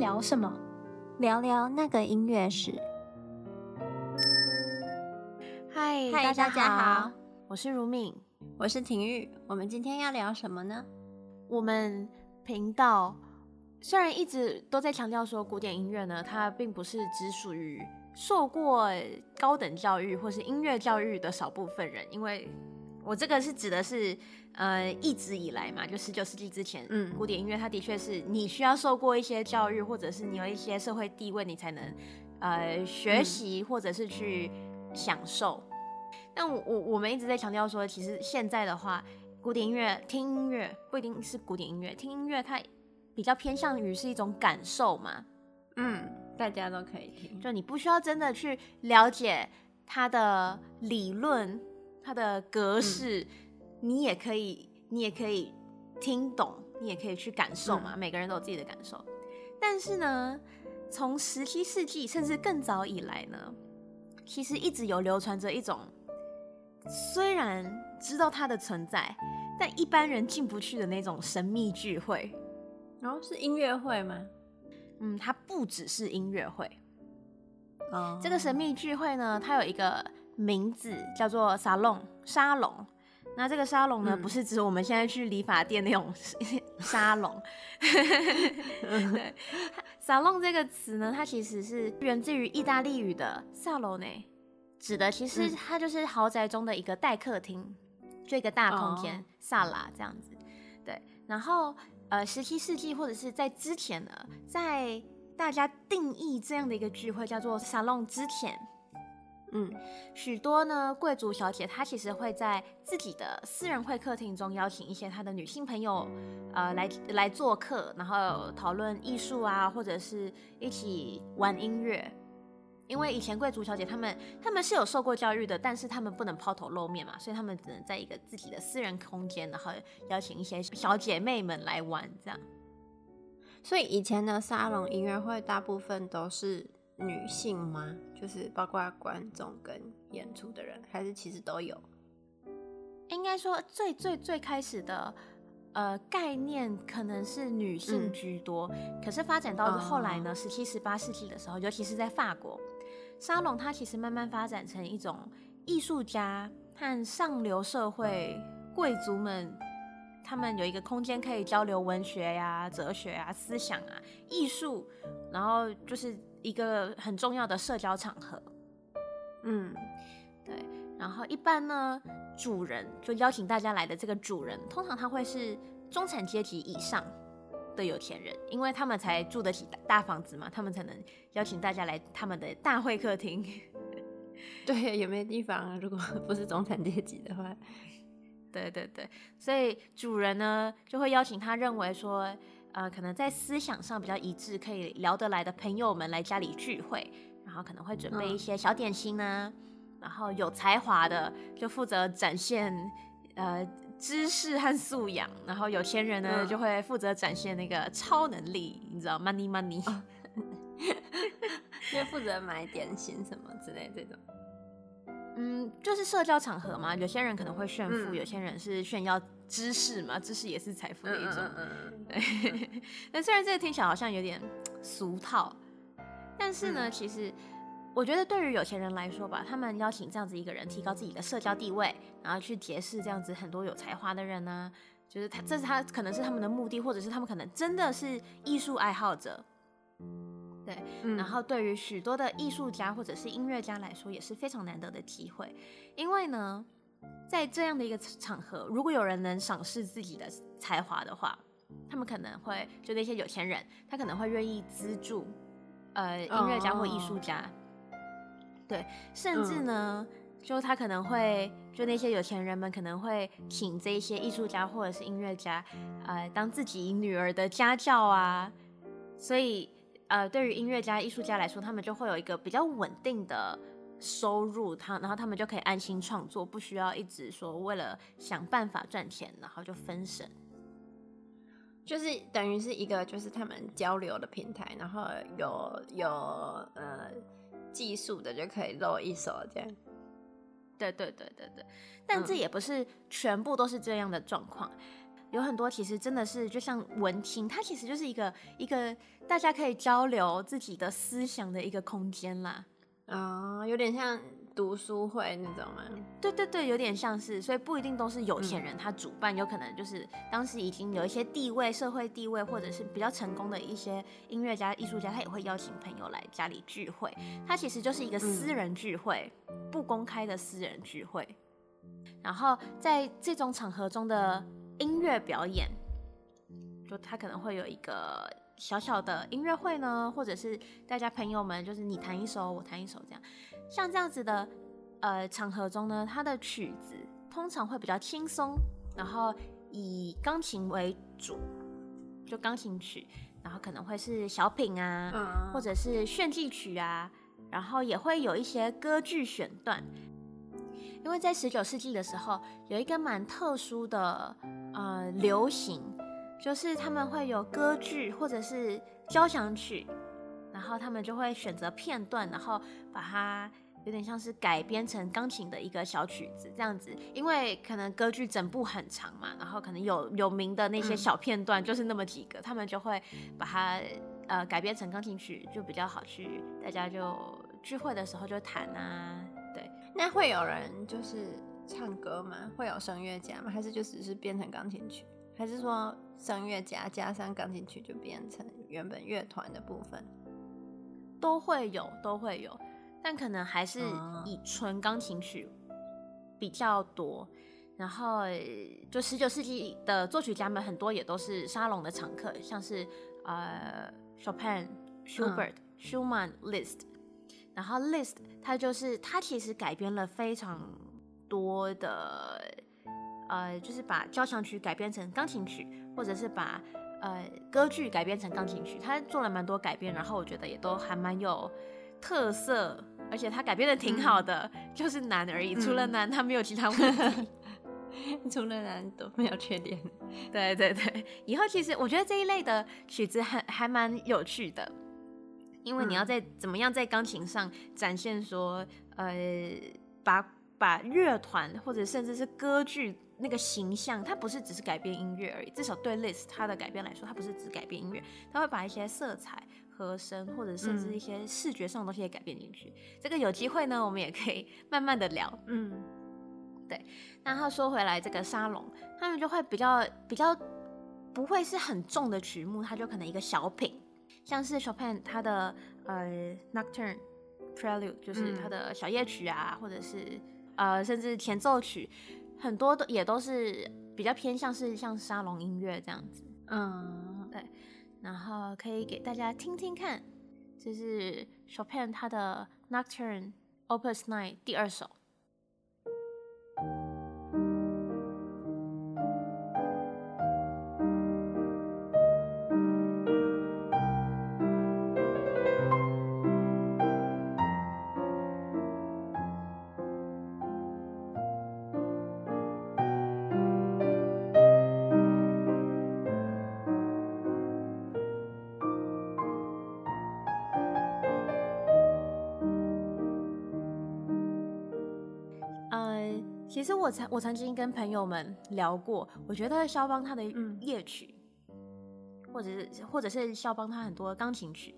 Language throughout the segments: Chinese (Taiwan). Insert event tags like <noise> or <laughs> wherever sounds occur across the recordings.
聊什麼？聊聊那個音樂史。嗨嗨，大家好，我是如敏，我是婷玉。我們今天要聊什麼呢？我們頻道雖然一直都在強調說，古典音樂呢，它並不是只屬於受過高等教育或是音樂教育的少部分人，因為我這個是指的是，呃，一直以來嘛，就十九世紀之前，嗯，古典音樂它的確是你需要受過一些教育，或者是你有一些社會地位，你才能，呃，學習，嗯，或者是去享受。但我我，我們一直在強調說，其實現在的話，古典音樂聽音樂不一定是古典音樂，聽音樂它比較偏向於是一種感受嘛。嗯，大家都可以聽，就你不需要真的去了解它的理論。它的格式，嗯，你也可以，你也可以聽懂，你也可以去感受嘛。嗯、每個人，都有自己的感受。但是呢，從十七世紀甚至更早以來呢，其實一直有流傳着一種，雖然知道它的存在，但一般人進不去的那種神秘聚會。然後、哦、是音樂會嗎？嗯，它不只是音樂會、哦。這個神秘聚會呢，它有一個。名字叫做 Salon, 沙龍，沙龍。那這個沙龍呢、嗯，不是指我們現在去理髮店那種 <laughs> 沙龍龍。 <laughs> <laughs> 對，沙龍這個詞呢，它其實是源自於意大利語的 “salone”，、嗯、指的其實它就是豪宅中的一個待客廳，這、嗯、個大空間，薩、哦、拉這樣子。對，然後呃，十七世紀或者是在之前呢，在大家定義這樣的一個聚會叫做沙龍之前。嗯，許多呢貴族小姐，她其實會在自己的私人會客廳中邀請一些她的女性朋友，呃，來來做客，然後討論藝術啊，或者是一起玩音樂。因為以前貴族小姐她們她們是有受過教育的，但是她們不能拋頭露面嘛，所以她們只能在一個自己的私人空間，然後邀請一些小姐妹們來玩這樣。所以以前的沙龍音樂會大部分都是。女性嗎？就是包括觀眾跟演出的人，還是其實都有？應該說最最最開始的呃概念可能是女性居多，嗯、可是發展到後來呢，十七十八世紀的時候，尤其是在法國沙龍，它其實慢慢發展成一種藝術家和上流社會貴族們、嗯、他們有一個空間可以交流文學呀、啊、哲學啊、思想啊、藝術，然後就是。一個很重要的社交場合，嗯，對。然後一般呢，主人就邀請大家來的這個主人，通常他會是中產階級以上的有錢人，因為他們才住得起大房子嘛，他們才能邀請大家來他們的大會客廳。 <laughs> 對，有沒有地方啊？如果不是中產階級的話，對對對。所以主人呢，就會邀請他認為說。呃，可能在思想上比較一致，可以聊得來的朋友們來家裡聚會，然後可能會準備一些小點心呢、啊嗯。然後有才華的就負責展現呃知識和素養，然後有錢人呢就會負責展現那個超能力，你知道 Money money，就負、哦、 <laughs> <laughs> 責買點心什麼之類的這種。嗯，就是社交場合嘛，有些人可能會炫富，嗯、有些人是炫耀知識嘛，知識也是財富的一種。對，那 <laughs> 雖然這個聽起來好像有點俗套，但是呢，嗯、其實我覺得對於有錢人來說吧，他們邀請這樣子一個人提高自己的社交地位，然後去結識這樣子很多有才華的人呢、啊，就是他、嗯，這是他可能是他們的目的，或者是他們可能真的是藝術愛好者。對，嗯、然後對於許多的藝術家或者是音樂家來說也是非常難得的機會，因為呢。在這樣的一個場合，如果有人能賞識自己的才華的話，他們可能會就那些有錢人，他可能會願意資助，呃，音樂家或藝術家，Oh. 對，甚至呢，就他可能會就那些有錢人們可能會請這一些藝術家或者是音樂家，呃，當自己女兒的家教啊，所以呃，對於音樂家、藝術家來說，他們就會有一個比較穩定的。收入他，然後他們就可以安心創作，不需要一直說為了想辦法賺錢，然後就分神。就是等於是一個，就是他們交流的平台，然後有有呃技術的就可以露一手，這樣。對對對對對，嗯。但這也不是全部都是這樣的狀況，有很多其實真的是就像文青，他其實就是一個一個大家可以交流自己的思想的一個空間啦。啊、uh，有點像讀書會那種嗎？對對對，有點像是，所以不一定都是有錢人，嗯、他主辦，有可能就是當時已經有一些地位，社會地位或者是比較成功的一些音樂家、藝術家，他也會邀請朋友來家裡聚會。他其實就是一個私人聚會，嗯、不公開的私人聚會。然後在這種場合中的音樂表演，就他可能會有一個。小小的音樂會呢，或者是大家朋友們，就是你彈一首，我彈一首這樣。像這樣子的呃場合中呢，它的曲子通常會比較輕鬆，然後以鋼琴為主，就鋼琴曲，然後可能會是小品啊。嗯。，或者是炫技曲啊，然後也會有一些歌劇選段。因為在十九世紀的時候，有一個蠻特殊的呃流行。嗯。就是他們會有歌劇或者是交響曲，然後他們就會選擇片段，然後把它有點像是改編成鋼琴的一個小曲子這樣子。因為可能歌劇整部很長嘛，然後可能有有名的那些小片段就是那麼幾個，嗯、他們就會把它呃改編成鋼琴曲，就比較好去大家就聚會的時候就彈啊。對，那會有人就是唱歌嗎？會有聲樂家嗎？還是就只是變成鋼琴曲？還是說？聲樂家加上鋼琴曲就變成原本樂團的部分都會有都會有，但可能還是以純鋼琴曲比較多。嗯、然後就十九世紀的作曲家們很多也都是沙龍的常客，像是呃 Chopin、Schubert、嗯、Schumann、Liszt。然後 Liszt 他就是他其實改編了非常多的呃，就是把交響曲改編成鋼琴曲。嗯或者是把呃歌劇改編成鋼琴曲，他做了蠻多改編，然後我覺得也都還蠻有特色，而且他改編的挺好的，嗯、就是難而已。嗯、除了難，他沒有其他問題。 <laughs> 除了難都沒有缺點。對對對，以後其實我覺得這一類的曲子還還蠻有趣的，因為你要在、嗯、怎麼樣在鋼琴上展現說呃把把樂團或者甚至是歌劇。那個形象，它不是只是改編音樂而已。至少對 Liszt 他的改編來說，它不是只是改編音樂，它會把一些色彩、和聲，或者甚至一些視覺上的東西也改編進去、嗯。這個有機會呢，我們也可以慢慢的聊。嗯，對。那話說回來，這個沙龍他們就會比較比較不會是很重的曲目，它就可能一個小品，像是 Chopin 他的、嗯、呃 Nocturne, Prelude，就是他的小夜曲啊，嗯、或者是呃甚至前奏曲。很多都也都是比較偏向是像沙龍音樂這樣子， <music> 嗯，對，然後可以給大家聽聽看，這，就是 Chopin 他的 Nocturne, Opus 9第二首。其實我曾我曾經跟朋友們聊過，我覺得肖邦他的夜曲、嗯，或者是或者是肖邦他很多鋼琴曲，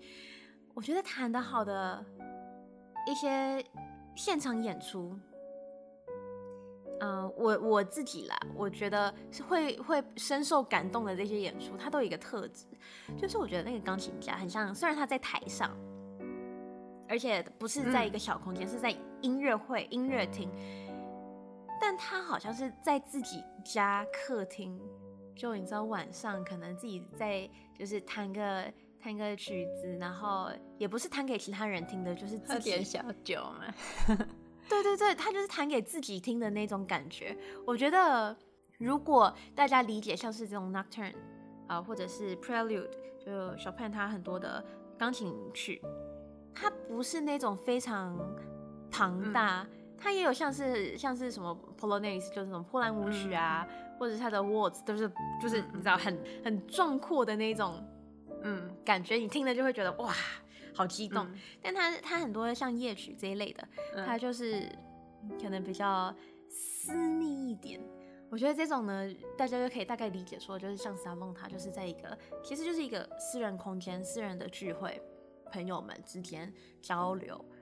我覺得彈得好的一些現場演出，嗯、呃，我我自己啦，我覺得是會會深受感動的這些演出，它都有一個特質，就是我覺得那個鋼琴家很像，雖然他在台上，而且不是在一個小空間、嗯，是在音樂會音樂廳。嗯但他好像是在自己家客廳，就你知道晚上可能自己在就是彈個彈個曲子，然後也不是彈給其他人聽的，就是自己喝點小酒嘛。 <laughs> 對對對，他就是彈給自己聽的那種感覺。我覺得如果大家理解像是這種 nocturne 啊、呃，或者是 prelude，就肖邦他很多的鋼琴曲，他不是那種非常龐大。嗯它也有像是像是什麼 Polonaise，就是那種波蘭舞曲啊，嗯、或者是它的 waltz 都、就是就是你知道很很壯闊的那種，嗯，感覺你聽了就會覺得哇，好激動。嗯、但它他很多像夜曲這一類的，它就是可能比較私密一點。嗯、我覺得這種呢，大家就可以大概理解說，就是像沙龍它就是在一個其實就是一個私人空間、私人的聚會，朋友們之間交流。嗯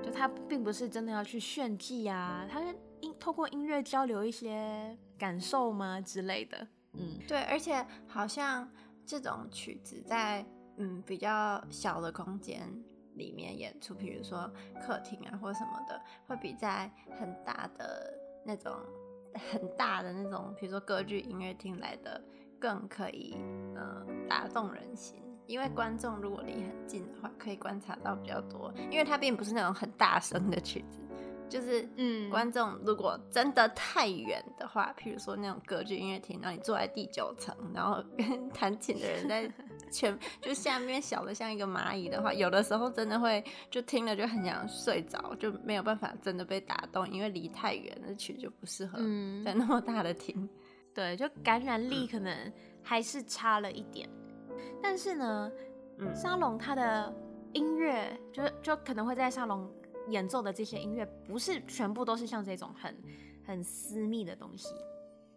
就他並不是真的要去炫技啊，他是音透過音樂交流一些感受嘛之類的，嗯，對，而且好像這種曲子在嗯比較小的空間裡面演出，比如說客廳啊或什麼的，會比在很大的那種很大的那種，比如說歌劇音樂廳來的更可以嗯、呃、打動人心。因為觀眾如果離很近的話，可以觀察到比較多。因為它並不是那種很大聲的曲子，就是嗯，觀眾如果真的太遠的話，嗯，比如說那種歌劇音樂廳，然後你坐在第九層，然後跟彈琴的人在前， <laughs> 就下面小的像一個螞蟻的話，有的時候真的會就聽了就很想睡着，就沒有辦法真的被打動，因為離太遠，那曲就不適合在那麼大的廳，嗯。對，就感染力可能還是差了一點。但是呢，嗯，沙龍他的音樂就就可能會在沙龍演奏的這些音樂，不是全部都是像這種很很私密的東西。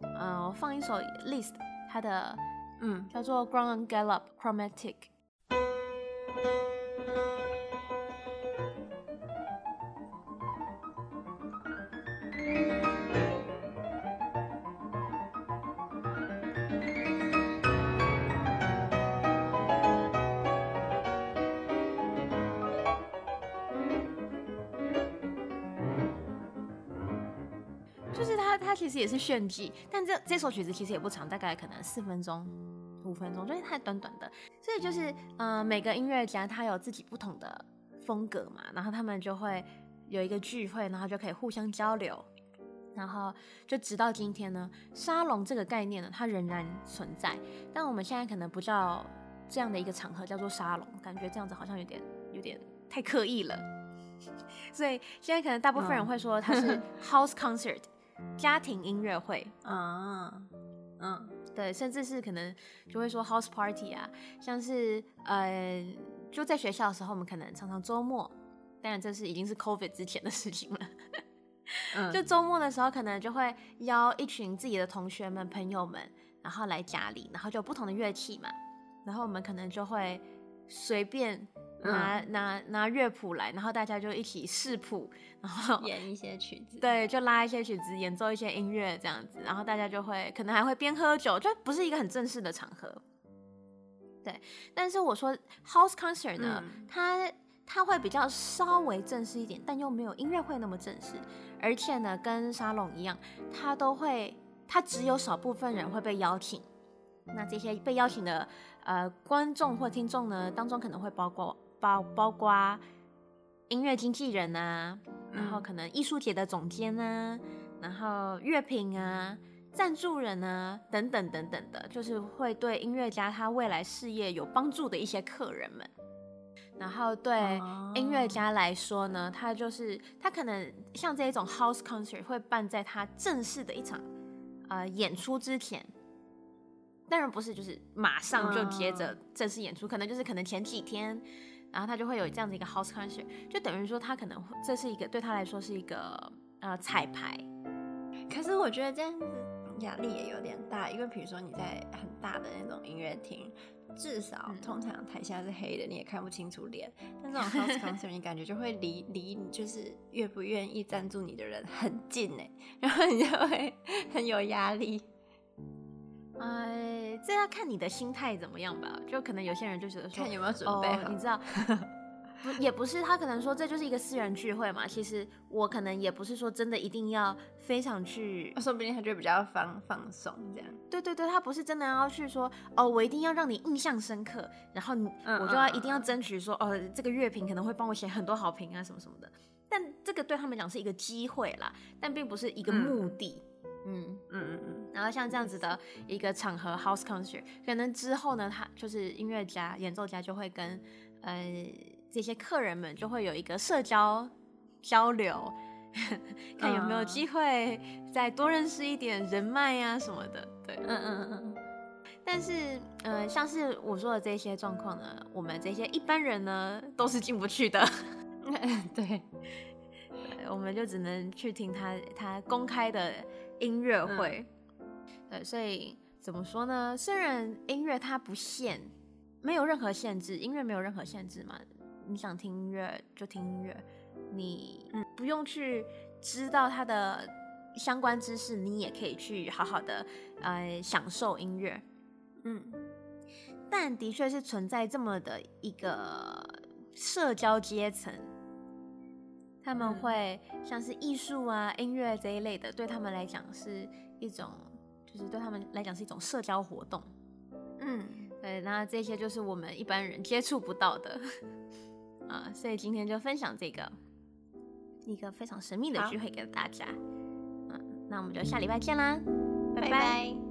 嗯、uh，我放一首 Liszt，他的嗯叫做 Grand Galop Chromatique。其實也是炫技，但這這首曲子其實也不長，大概可能四分鐘、五分鐘，就是太短短的。所以就是，嗯、呃，每個音樂家他有自己不同的風格嘛，然後他們就會有一個聚會，然後就可以互相交流，然後就直到今天呢，沙龍這個概念呢，它仍然存在，但我們現在可能不叫這樣的一個場合叫做沙龍，感覺這樣子好像有點有點太刻意了，所以現在可能大部分人會說它是 house、嗯、concert。 <laughs> 家庭音樂會，嗯嗯，嗯，對，甚至是可能就會說 house party 啊，像是呃，就在學校的時候，我們可能常常周末，當然這是已經是 covid 之前的事情了，嗯、 <laughs> 就周末的時候可能就會邀一群自己的同學們、朋友們，然後來家裡，然後就有不同的樂器嘛，然後我們可能就會隨便。拿、嗯、拿拿、拿樂譜來，然後大家就一起視譜，然後演一些曲子，對，就拉一些曲子，演奏一些音樂這樣子，然後大家就會可能還會邊喝酒，就不是一個很正式的場合，對。但是我說 house concert 呢，嗯、它它會比較稍微正式一點，但又沒有音樂會那麼正式，而且呢，跟沙龍一樣，它都會它只有少部分人會被邀請。嗯、那這些被邀請的呃觀眾或聽眾呢，當中可能會包括。包包括音樂經紀人啊，然後可能藝術節的總監啊，然後樂評啊、贊助人啊等等等等的，就是會對音樂家他未來事業有幫助的一些客人們。然後對音樂家來說呢，他就是他可能像這一種 house concert 會辦在他正式的一場呃演出之前，當然不是，就是馬上就接着正式演出，可能就是可能前幾天。然後他就會有這樣子一個 house concert，就等於說他可能這是一個對他來說是一個呃彩排。可是我覺得這樣子、嗯、壓力也有點大，因為比如說你在很大的那種音樂廳，至少通常台下是黑的，你也看不清楚臉。但這種 house concert，你感覺就會離 <laughs> 離你就是願不願意贊助你的人很近呢，然後你就會很有壓力。哎，這要看你的心態怎麼樣吧。就可能有些人就覺得說，看有沒有準備、哦，你知道， <laughs> 也不是他可能說這就是一個私人聚會嘛。其實我可能也不是說真的一定要非常去。說不定他就比較放放鬆這樣。對對對，他不是真的要去說哦，我一定要讓你印象深刻，然後、嗯、我就要一定要爭取說、嗯、哦,哦，這個樂評可能會幫我寫很多好評啊什麼什麼的。但這個對他們講是一個機會啦，但並不是一個目的。嗯嗯嗯嗯嗯，然後像這樣子的一個場合、yes.，house concert，可能之後呢，他就是音樂家、演奏家就會跟，呃，這些客人們就會有一個社交交流， <laughs> 看有沒有機會再多認識一點人脈啊什麼的。對，嗯嗯嗯。但是，呃，像是我說的這些狀況呢，我們這些一般人呢，都是進不去的。 <laughs> 對。我們就只能去聽他他公開的音樂會。嗯，對，所以怎麼說呢？雖然音樂它不限，沒有任何限制，音樂沒有任何限制嘛，你想聽音樂就聽音樂，你不用去知道他的相關知識，你也可以去好好的呃享受音樂，嗯，但的確是存在這麼的一個社交階層。他們會像是藝術啊、嗯、音樂這一類的，對他們來講是一種，就是對他們來講是一種社交活動。嗯，對，那這些就是我們一般人接觸不到的， <laughs> 啊，所以今天就分享這個一個非常神祕的聚會給大家。嗯、啊，那我們就下禮拜見啦，拜拜。拜拜。